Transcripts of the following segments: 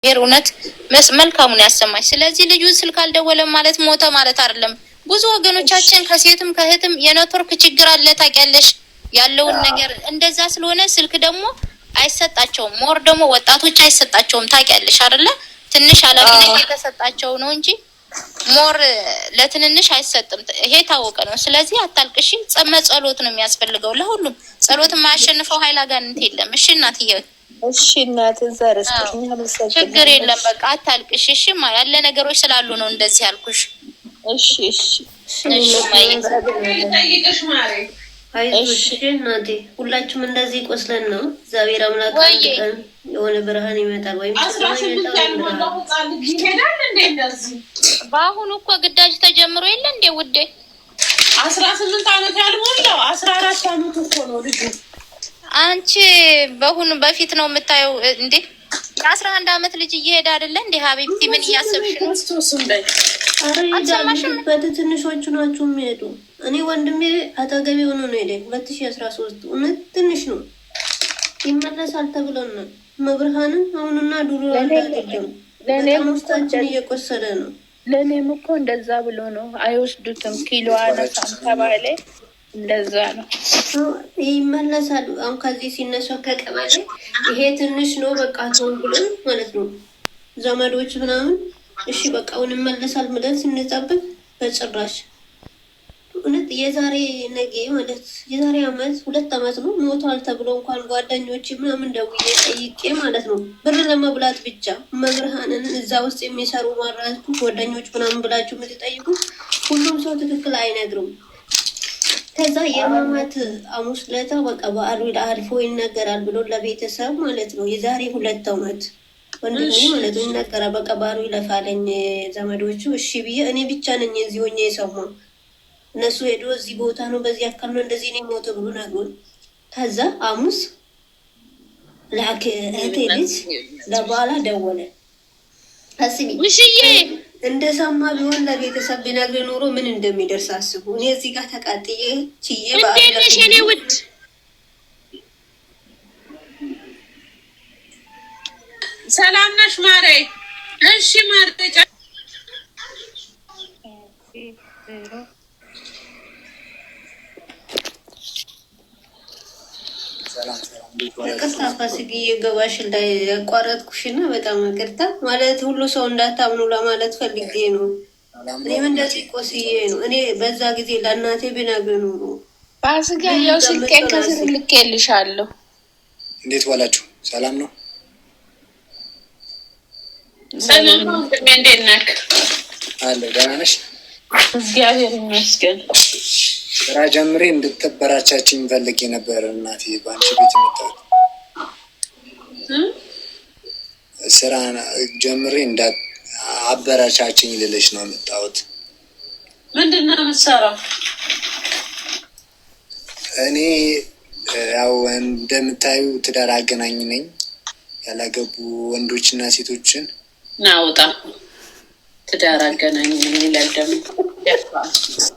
እግዚአብሔር እውነት መልካሙን ያሰማች። ስለዚህ ልጁ ስልክ አልደወለም ማለት ሞተ ማለት አይደለም። ብዙ ወገኖቻችን ከሴትም ከእህትም የኔትወርክ ችግር አለ። ታውቂያለሽ ያለውን ነገር እንደዛ ስለሆነ ስልክ ደግሞ አይሰጣቸውም። ሞር ደግሞ ወጣቶች አይሰጣቸውም። ታውቂያለሽ አይደለ? ትንሽ ኃላፊነት የተሰጣቸው ነው እንጂ ሞር ለትንንሽ አይሰጥም። ይሄ ታወቀ ነው። ስለዚህ አታልቅሽም። ጸመ ጸሎት ነው የሚያስፈልገው ለሁሉም። ጸሎት የማያሸንፈው ሀይል አጋንንት የለም። እሺ እናት እየ እሺ እናት ችግር የለም። በቃ አታልቅሽ። እሺ ያለ ነገሮች ስላሉ ነው እንደዚህ ያልኩሽ። እሺ እሺ እናቴ ሁላችሁም እንደዚህ ቆስለን ነው። እግዚአብሔር አምላክ የሆነ ብርሃን ይመጣል ወይም ይመጣል በአሁኑ እኮ ግዳጅ ተጀምሮ የለ እንዴ ውዴ? አስራ ስምንት አመት ያልሞላው አስራ አራት አመት እኮ ነው ልጁ። አንቺ በሁኑ በፊት ነው የምታየው እንዴ? የአስራ አንድ አመት ልጅ እየሄደ አይደለ እንዴ? ሀቢብቲ ምን እያሰብሽ ነው? በትንሾቹ ናችሁ የሚሄዱ። እኔ ወንድሜ አጠገቢ ሆኖ ነው ሄደ ሁለት ሺ አስራ ሶስት እውነት ትንሽ ነው ይመለሳል ተብለን ነው መብርሃንም አሁንና ዱሮ እየቆሰለ ነው። ለእኔም እኮ እንደዛ ብሎ ነው። አይወስዱትም። ኪሎ አነሳም ተባለ እንደዛ ነው ይመለሳሉ። አሁን ከዚህ ሲነሳ ከቀበሌ ይሄ ትንሽ ነው በቃ ተውን ብሎ ማለት ነው ዘመዶች ምናምን እሺ በቃ አሁን ይመለሳል ብለን ስንጠብቅ በጭራሽ እውነት የዛሬ ነገ ማለት የዛሬ አመት ሁለት አመት ነው ሞቷል ተብሎ እንኳን ጓደኞች ምናምን ደውዬ ጠይቄ ማለት ነው ብር ለመብላት ብቻ መብርሃንን እዛ ውስጥ የሚሰሩ ማራቱ ጓደኞች ምናምን ብላችሁ የምትጠይቁ ሁሉም ሰው ትክክል አይነግርም። ከዛ የማማት አሙስ ለታ በቃ በዓሉ አልፎ ይነገራል ብሎ ለቤተሰብ ማለት ነው የዛሬ ሁለት አመት ወንድ ማለት ነው ይነገራል። በቃ በዓሉ ይለፋለኝ ዘመዶቹ እሺ ብዬ እኔ ብቻ ነኝ የዚህ ሆኜ የሰማ እነሱ ሄዶ እዚህ ቦታ ነው በዚህ አካል ነው እንደዚህ ነው የሞተ ብሎ ነግሮን፣ ከዛ ሐሙስ ላክ እህቴ ልጅ ለበኋላ ደወለ። አስቢ ውሽዬ እንደ ሰማ ቢሆን ለቤተሰብ ቢነግር ኖሮ ምን እንደሚደርስ አስቡ። እኔ እዚህ ጋር ተቃጥዬ ችዬ በአለሽ እኔ ውድ ሰላም ነሽ ማሬ? እሺ ማሬ ይቅርታ ፋሲካዬ ገባሽ እንዳይ ያቋረጥኩሽና በጣም ይቅርታ። ማለት ሁሉ ሰው እንዳታምኑ ለማለት ፈልጌ ነው። እኔም እንደዚህ ቆስዬ ነው። እኔ በዛ ጊዜ ለእናቴ ብነግር ኑሮ ፋሲካዬ፣ ያው ከስር ልኬልሻለሁ። እንዴት ዋላችሁ? ሰላም ነው? ሰላም ነው። እንዴት ነህ? አለሁ። ደህና ነሽ? እግዚአብሔር ይመስገን። ስራ ጀምሬ እንድትበራቻችኝ ፈልጌ ነበር እናቴ። በአንቺ ቤት የምታል ስራ ጀምሬ እንዳ አበራቻችኝ ልልሽ ነው የመጣሁት። ምንድን ነው የምትሰራው? እኔ ያው እንደምታዩ ትዳር አገናኝ ነኝ። ያላገቡ ወንዶችና ሴቶችን ናውጣ ትዳር አገናኝ ነኝ ይላል ደግሞ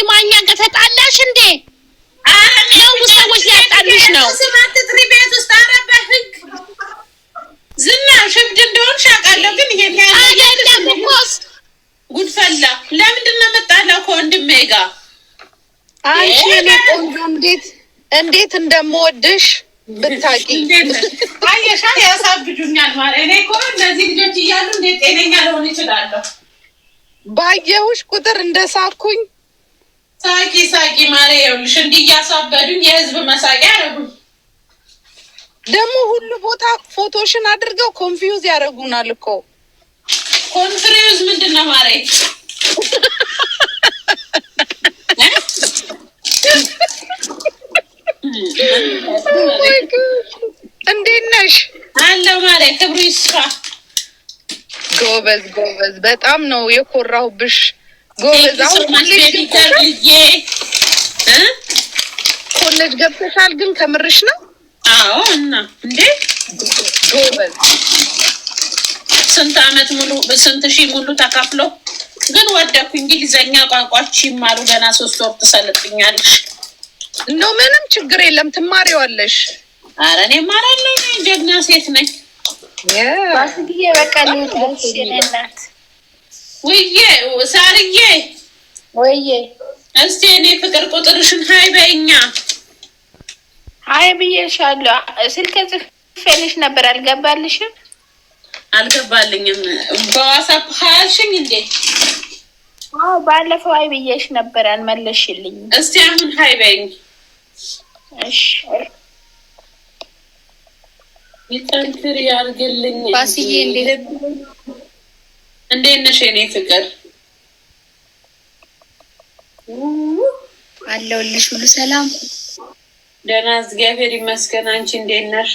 አንቺ እኔ ቆንጆ እንዴት እንዴት እንደምወድሽ ብታቂ አየሻ። ያሳብጁኛል ማለት እኔ እኮ እነዚህ ልጆች እያሉ እንዴት ጤነኛ ልሆን ይችላለሁ? ባየሁሽ ቁጥር እንደሳኩኝ። ሳቂ ሳቂ ማለ ይኸውልሽ፣ እንዲህ እያሳበዱኝ የህዝብ መሳቂያ ያደረጉኝ። ደግሞ ሁሉ ቦታ ፎቶሽን አድርገው ኮንፊውዝ ያደረጉናል እኮ። ኮንፍሪውዝ ምንድን ነው ማሬ? እንዴት ነሽ? አለው ማለት ክብሩ ይስፋ። ጎበዝ ጎበዝ፣ በጣም ነው የኮራሁብሽ። ጎበዝ ኮሌጅ ገብተሻል ግን ከምርሽ ነው? አዎ። እና እንዴ ጎበዝ፣ ስንት አመት ሙሉ ስንት ሺህ ሙሉ ተካፍሎ ግን ወደኩ። እንግሊዘኛ ቋንቋች ይማሩ ገና ሶስት ወር ትሰልጥኛለሽ። ኖ ምንም ችግር የለም ትማሪዋለሽ። አረ እኔ እማራለሁ፣ ጀግና ሴት ነኝ። ባስጊዜ በቃ ናት ውዬ ሳርዬ ወዬ እስቲ እኔ ፍቅር ቁጥርሽን ሀይ በይኛ ሀይ ብዬሻለሁ። ስልክ ጽፌልሽ ነበር አልገባልሽም? አልገባልኝም። በዋሳፕ ሀያልሽኝ እንዴ? ባለፈው ሀይ ብዬሽ ነበር አልመለሽልኝ። እስቲ አሁን ሀይ በይኝ። ይጠንክር ያርግልኝ። ባስዬ እንዴት ነሽ የኔ ፍቅር? አለሁልሽ። ሁሉ ሰላም ደህና፣ እግዚአብሔር ይመስገን። አንቺ እንዴት ነሽ?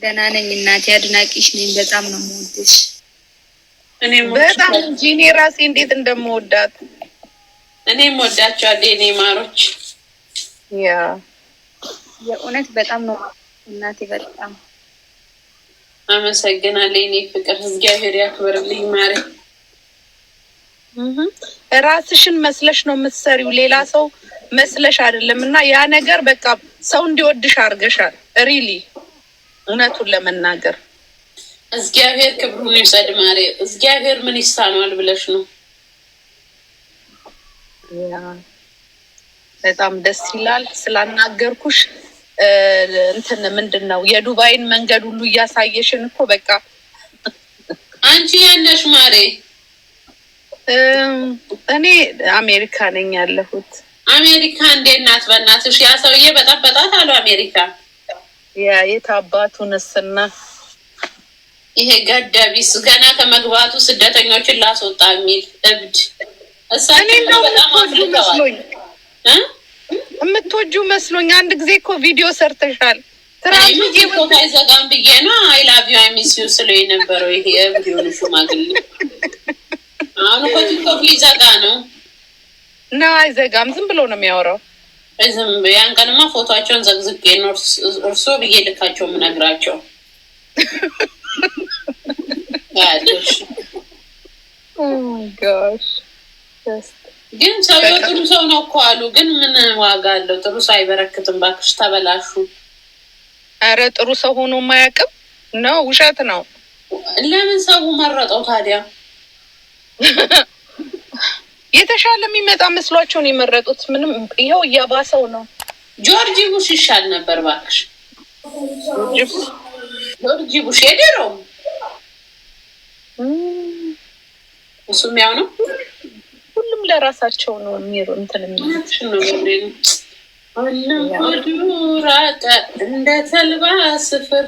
ደህና ነኝ እናቴ፣ አድናቂሽ ነኝ። በጣም ነው የምወድሽ በጣም እንጂ እኔ ራሴ እንዴት እንደምወዳት እኔም ወዳቸዋለሁ። እኔ ማሮች ያ የእውነት በጣም ነው እናቴ። በጣም አመሰግናለሁ እኔ ፍቅር። እግዚአብሔር ያክብርልኝ ማሪ። ራስሽን መስለሽ ነው የምትሰሪው፣ ሌላ ሰው መስለሽ አይደለም። እና ያ ነገር በቃ ሰው እንዲወድሽ አድርገሻል። ሪሊ እውነቱን ለመናገር እግዚአብሔር ክብሩን ይውሰድ። ማሬ እግዚአብሔር ምን ይሳነዋል ብለሽ ነው? በጣም ደስ ይላል ስላናገርኩሽ። እንትን ምንድን ነው የዱባይን መንገድ ሁሉ እያሳየሽን እኮ በቃ አንቺ ያለሽ ማሬ። እኔ አሜሪካ ነኝ ያለሁት። አሜሪካ እንዴት ናት? በእናትሽ ያ ሰውዬ በጠበጣት አሉ አሜሪካ አባቱ ንስና ይሄ ገደቢስ ገና ከመግባቱ ስደተኞችን ላስወጣ የሚል እብድ እሳቸውበጣምመስሎኝ የምትወጁ መስሎኝ። አንድ ጊዜ እኮ ቪዲዮ ሰርተሻል። ትራምኮታ ብዬ ነው አይላቪዮ ሚስዩ ስለ የነበረው ይሄ እብድ የሆኑ ሽማግሌ አሁን እኮ ቲክቶክ ሊዘጋ ነው። ና አይዘጋም፣ ዝም ብሎ ነው የሚያወራው። ዝም ያን ቀንማ ፎቶቸውን ዘግዝጌ ነው እርሶ ብዬ ልካቸው የምነግራቸው Oh ግን ሰው ጥሩ ሰው ነው እኮ አሉ። ግን ምን ዋጋ አለው? ጥሩ ሰው አይበረክትም። እባክሽ ተበላሹ። አረ ጥሩ ሰው ሆኖ የማያውቅም ነው። ውሸት ነው። ለምን ሰው መረጠው ታዲያ? የተሻለ የሚመጣ መስሏቸውን የመረጡት። ምንም ይኸው እያባሰው ነው። ጆርጂ ቡሽ ይሻል ነበር። እባክሽ ጆርጂ ቡሽ የድሮው እሱም ያው ነው። ሁሉም ለራሳቸው ነው የሚሩ እንትን ራቀ እንደ ተልባ ስፍር